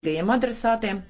attiecīgajiem adresātiem